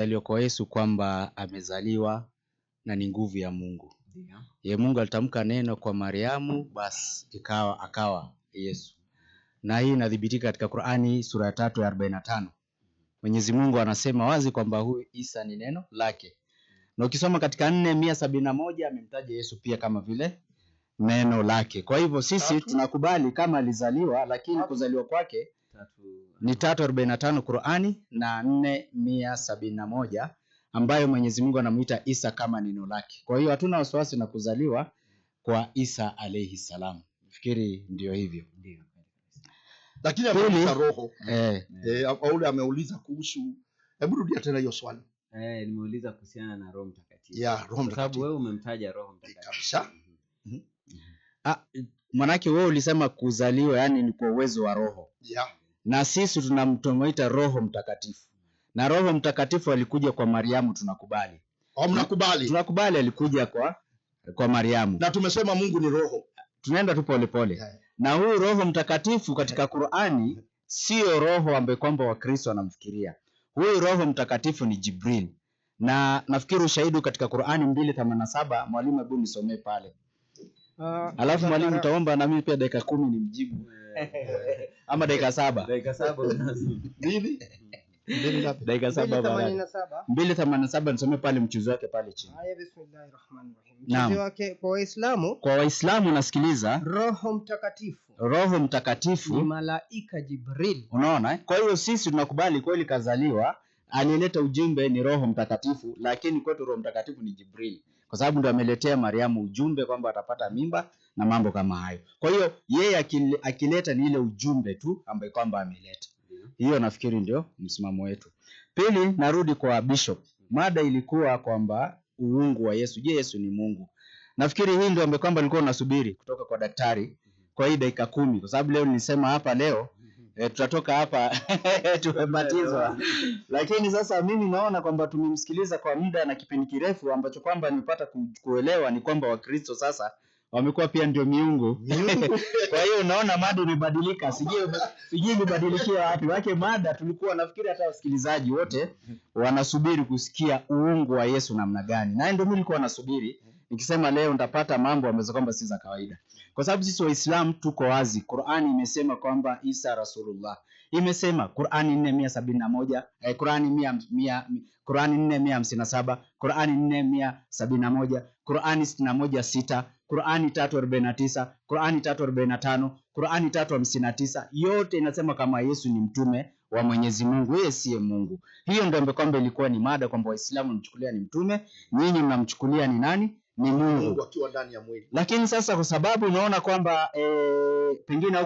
Kuzaliwa Yesu kwamba amezaliwa na ni nguvu ya Mungu. Yeah. Ye Mungu alitamka neno kwa Mariamu, basi ikawa akawa Yesu. Na hii inadhibitika katika Qur'ani sura ya 3 ya 45. Mwenyezi Mungu anasema wazi kwamba huyu Isa ni neno lake, na ukisoma katika 4:171 amemtaja Yesu pia kama vile neno lake. Kwa hivyo sisi tunakubali kama alizaliwa, lakini kuzaliwa kwake ni 345 Qur'ani na 471 ambayo Mwenyezi Mungu anamuita Isa kama neno lake. Kwa hiyo hatuna wasiwasi na kuzaliwa kwa Isa alayhi salam. Fikiri ndio hivyo. Ndio. Lakini ameuliza roho. Eh, eh, Paul eh, ameuliza kuhusu Hebu rudia tena hiyo swali. Eh, nimeuliza kuhusiana na Roho Mtakatifu. Ya, Roho Mtakatifu. Sababu wewe umemtaja Roho Mtakatifu. Kabisa. Mm -hmm. Ah, manake wewe ulisema kuzaliwa yani ni kwa uwezo wa roho. Ya. Yeah na sisi tunamtomaita Roho Mtakatifu, na Roho Mtakatifu alikuja kwa Mariamu. Tunakubali au oh, mnakubali? Tunakubali, alikuja kwa kwa Mariamu, na tumesema Mungu ni Roho. Tunaenda tu polepole Na huyu Roho Mtakatifu katika Qur'ani siyo roho ambaye kwamba Wakristo wanamfikiria. Huyu Roho Mtakatifu ni Jibril, na nafikiri ushahidi katika Qur'ani 2:87 mwalimu, hebu nisomee pale. Ah, Alafu mwalimu utaomba na mimi pia dakika kumi ni mjibu eh, ama dakika saba dakika saba mbili themanini na saba nisome pale mchuzi wake pale chini. Kwa Waislamu, kwa Waislamu nasikiliza, Roho Mtakatifu, Roho Mtakatifu ni malaika Jibril. Unaona, eh? kwa hiyo sisi tunakubali kweli kazaliwa, alileta ujumbe ni Roho Mtakatifu, lakini kwetu Roho Mtakatifu ni Jibril kwa sababu ndo ameletea Mariamu ujumbe kwamba atapata mimba na mambo kama hayo. Kwa hiyo yeye akileta ni ile ujumbe tu ambaye kwamba ameleta hiyo, nafikiri ndio msimamo wetu. Pili, narudi kwa Bishop, mada ilikuwa kwamba uungu wa Yesu. Je, Yesu ni Mungu? Nafikiri hii ndio ambaye kwamba nilikuwa nasubiri kutoka kwa daktari kwa hii dakika kumi, kwa sababu leo nilisema hapa leo E, tutatoka hapa tumebatizwa lakini sasa mimi naona kwamba tumemsikiliza kwa muda na kipindi kirefu ambacho kwamba nimepata kuelewa ni kwamba Wakristo sasa wamekuwa pia ndio miungu kwa hiyo unaona mada imebadilika sijui imebadilikia wapi wake mada tulikuwa nafikiri hata wasikilizaji wote wanasubiri kusikia uungu wa yesu namna gani naye ndio mimi nilikuwa nasubiri nikisema leo ndapata mambo ambazo kwamba si za kawaida kwa sababu sisi Waislamu tuko wazi. Qur'ani imesema kwamba Isa Rasulullah, imesema Qur'ani 471 eh, Qur'ani 100 Qur'ani 457 Qur'ani 471 Qur'ani 616 Qur'ani 349 Qur'ani 345 Qur'ani 359 yote inasema kama Yesu ni mtume wa Mwenyezi Mungu, yeye siye Mungu. Hiyo ndio kwamba ilikuwa ni mada kwamba Waislamu mchukulia ni mtume, nyinyi mnamchukulia ni nani? ni Mungu akiwa ndani ya mwili. Lakini sasa kwa sababu unaona kwamba e, pengine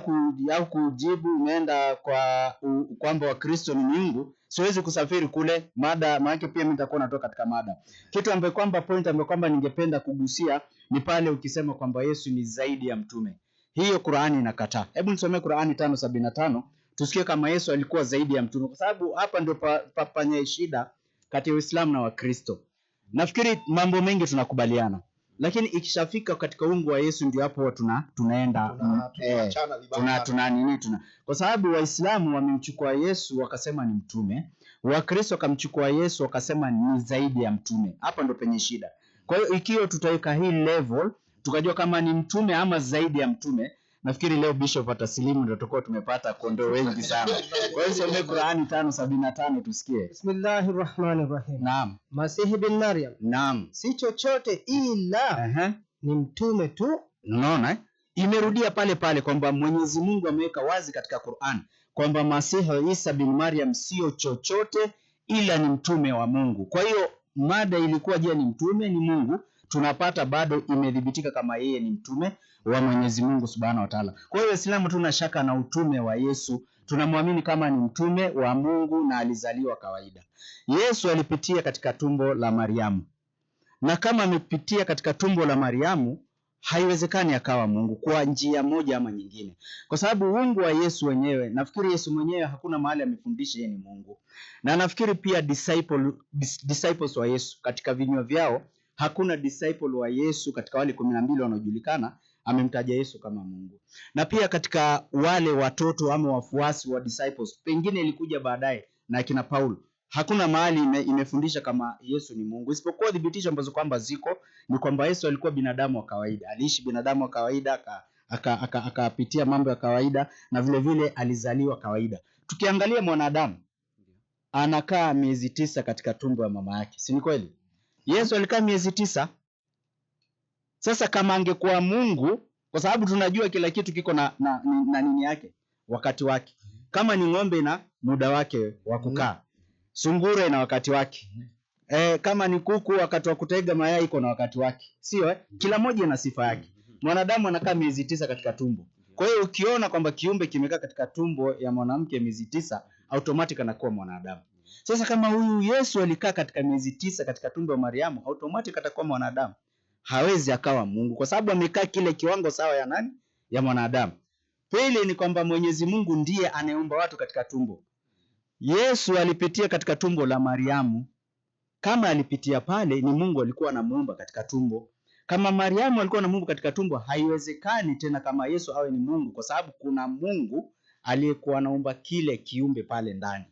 au kujibu umeenda kwa kwamba Wakristo ni Mungu, siwezi kusafiri kule mada, maana pia mimi nitakuwa natoka katika mada. Kitu ambaye kwamba point ambayo kwamba ningependa kugusia ni pale ukisema kwamba Yesu ni zaidi ya mtume, hiyo Qur'ani inakataa. Hebu nisomee Qur'ani 5:75 tusikie kama Yesu alikuwa zaidi ya mtume, kwa sababu hapa ndio pa, pa, pa, shida kati ya Uislamu na Wakristo. Nafikiri mambo mengi tunakubaliana, lakini ikishafika katika ungu wa Yesu ndio hapo tuna tunaenda mm, eh, tuna, tuna, nini tuna, kwa sababu Waislamu wamemchukua Yesu wakasema ni mtume, Wakristo wakamchukua Yesu wakasema ni zaidi ya mtume. Hapa ndo penye shida. Kwa hiyo ikiwa tutaweka hii level tukajua kama ni mtume ama zaidi ya mtume Nafikiri leo Bishop atasilimu ndio tutakuwa tumepata kondoo wengi sana. hiyo some Qur'ani 5:75 tusikie. Bismillahir Rahmanir Rahim. Naam. Masih bin Maryam. Naam. Si chochote ila uh -huh. ni mtume tu. Unaona eh? Imerudia pale pale kwamba Mwenyezi Mungu ameweka wazi katika Qur'an kwamba Masih Isa bin Maryam sio chochote ila ni mtume wa Mungu. Kwa hiyo mada ilikuwa je, ni mtume ni Mungu? Tunapata bado imedhibitika kama yeye ni mtume wa Mwenyezi Mungu Subhanahu wa Ta'ala. Kwa hiyo Waislamu tuna shaka na utume wa Yesu, tunamwamini kama ni mtume wa Mungu na alizaliwa kawaida. Yesu alipitia katika tumbo la Mariamu, na kama amepitia katika tumbo la Mariamu, haiwezekani akawa Mungu kwa njia moja ama nyingine, kwa sababu uungu wa Yesu wenyewe, nafikiri Yesu mwenyewe hakuna mahali amefundisha yeye ni Mungu, na nafikiri pia disciple, dis, disciples wa Yesu katika vinywa vyao hakuna disciple wa Yesu katika wale kumi na mbili wanaojulikana amemtaja Yesu kama Mungu. Na pia katika wale watoto ama wafuasi wa disciples, pengine ilikuja baadaye na akina Paulo, hakuna mahali ime, imefundisha kama Yesu ni Mungu, isipokuwa dhibitisho ambazo kwamba ziko ni kwamba Yesu alikuwa binadamu wa kawaida, aliishi binadamu wa kawaida akapitia aka, aka, aka mambo ya kawaida na vilevile vile alizaliwa kawaida. Tukiangalia mwanadamu anakaa miezi tisa katika tumbo ya mama yake, si ni kweli? Yesu alikaa miezi tisa sasa kama angekuwa Mungu, kwa sababu tunajua kila kitu kiko na, na, na, na nini yake, wakati wake. Kama ni ng'ombe na muda wake wa kukaa, sungura ina wakati wake e, kama ni kuku wakati wa kutega mayai iko na wakati wake, sio eh? Kila moja ina sifa yake. Mwanadamu anakaa miezi tisa katika tumbo. Kwa hiyo ukiona kwamba kiumbe kimekaa katika tumbo ya mwanamke miezi tisa, automatic anakuwa mwanadamu. Sasa kama huyu Yesu alikaa katika miezi tisa katika tumbo ya Mariamu, automatic atakuwa mwanadamu hawezi akawa Mungu kwa sababu amekaa kile kiwango sawa ya nani, ya mwanadamu. Pili ni kwamba Mwenyezi Mungu ndiye anayeumba watu katika tumbo. Yesu alipitia katika tumbo la Mariamu, kama alipitia pale, ni Mungu alikuwa anamuumba katika tumbo. Kama Mariamu alikuwa na Mungu katika tumbo, haiwezekani tena kama Yesu awe ni Mungu, kwa sababu kuna Mungu aliyekuwa anaumba kile kiumbe pale ndani.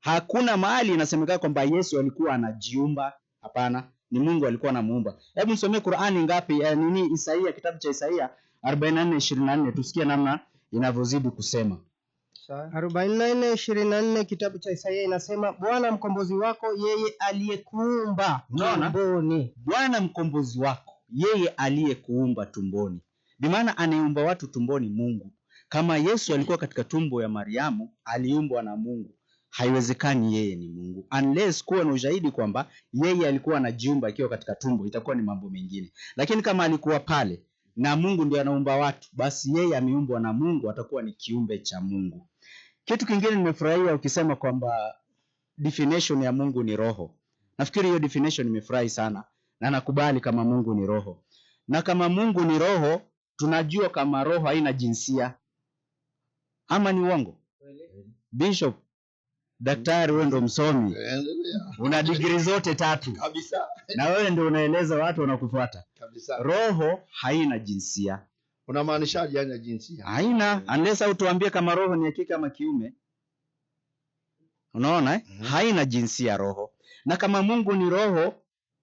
Hakuna mahali inasemekana kwamba Yesu alikuwa anajiumba, hapana ni Mungu alikuwa anamuumba. Hebu msomee Qur'ani ngapi Eh, nini, Isaia, kitabu cha Isaia 44:24 tusikie namna inavyozidi kusema. 44:24 kitabu cha Isaia inasema, Bwana mkombozi wako yeye aliyekuumba tumboni. Bwana mkombozi wako yeye aliyekuumba tumboni, bi maana anayeumba watu tumboni Mungu. Kama Yesu alikuwa katika tumbo ya Mariamu, aliumbwa na Mungu haiwezekani yeye ni Mungu unless kuwe na ushahidi kwamba yeye alikuwa na jiumba akiwa katika tumbo, itakuwa ni mambo mengine. Lakini kama alikuwa pale na Mungu ndiye anaumba watu, basi yeye ameumbwa na Mungu, atakuwa ni kiumbe cha Mungu. Kitu kingine nimefurahia ukisema kwamba definition ya Mungu ni roho. Nafikiri hiyo definition nimefurahi sana na nakubali kama Mungu ni roho, na kama Mungu ni roho, tunajua kama roho haina jinsia, ama ni uongo Bishop? Daktari, wewe ndo msomi, una digri zote tatu kabisa, na wewe ndo unaeleza watu wanakufuata kabisa. Roho haina jinsia. Unamaanishaje haina jinsia? Haina unless au tuambie kama roho ni hakika ama kiume. Unaona eh? mm -hmm. Haina jinsia roho, na kama Mungu ni roho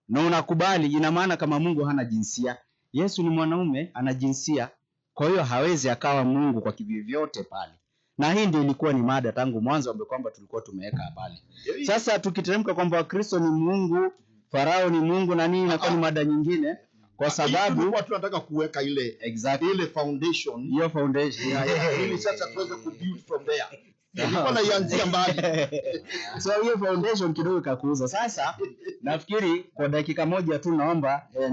na unakubali, ina maana kama Mungu hana jinsia. Yesu ni mwanaume, ana jinsia, kwa hiyo hawezi akawa Mungu kwa kivyovyote pale na hii ndio ilikuwa ni mada tangu mwanzo ambayo kwamba tulikuwa tumeweka pale. Sasa tukiteremka kwamba Kristo ni Mungu, Farao ni Mungu na nini, inakuwa ni mada nyingine kwa sababu tulikuwa tunataka kuweka ile exactly ile foundation hiyo foundation yeah, yeah, ili sasa tuweze ku build from there ilikuwa naianzia mbali so hiyo foundation kidogo ikakuuza. Sasa nafikiri kwa dakika moja tu naomba eh,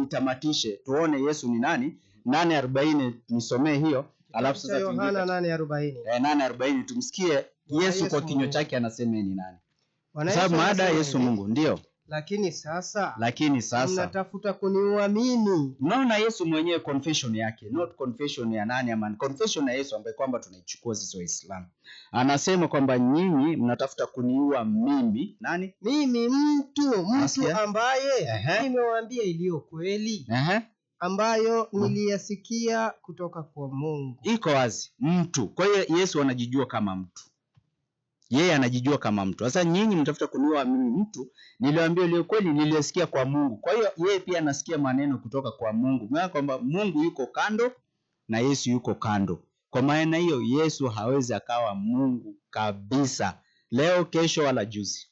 nitamatishe ni, ni, ni tuone Yesu ni nani. 8:40 nisomee hiyo alafu sasa Yohana 8:40. Eh, 8:40 tumsikie Yesu kwa kinywa chake anasema ni nani? Kwa Sababu maada Yesu Mungu ndio. Lakini sasa, lakini sasa mnatafuta kuniua mimi. Unaona Yesu mwenyewe confession yake, not confession ya nani ama confession ya Yesu ambaye kwamba tunaichukua sisi Waislamu. Anasema kwamba nyinyi mnatafuta kuniua mimi. Nani? Mimi mtu, mtu ambaye nimewaambia iliyo kweli. Uh -huh ambayo mm. niliyasikia kutoka kwa Mungu. Iko wazi mtu. Kwa hiyo Yesu anajijua kama mtu, yeye anajijua kama mtu. Sasa nyinyi mtafuta kuniua mimi mtu, niliwaambia ile kweli niliyosikia kwa Mungu. Kwa hiyo yeye pia anasikia maneno kutoka kwa Mungu, maana kwamba Mungu yuko kando na Yesu yuko kando. Kwa maana hiyo Yesu hawezi akawa Mungu kabisa, leo kesho wala juzi.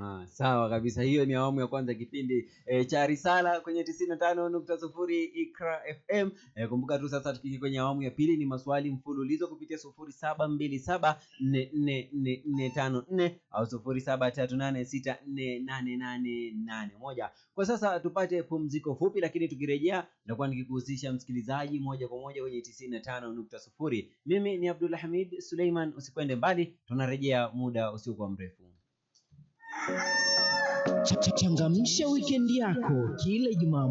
Ah, sawa kabisa. Hiyo ni awamu ya kwanza kipindi e, cha Risala kwenye 95.0 na Ikra FM. E, eh, kumbuka tu sasa tukiki kwenye awamu ya pili ni maswali mfululizo kupitia sufuri au 0738648881 moja. Kwa sasa tupate pumziko fupi, lakini tukirejea nitakuwa nikikuhusisha msikilizaji moja kwa moja kwenye 95.0 Mimi ni Abdul Hamid Suleiman, usikwende mbali, tunarejea muda usiokuwa mrefu. Changamsha wikendi yako kila Ijumaa.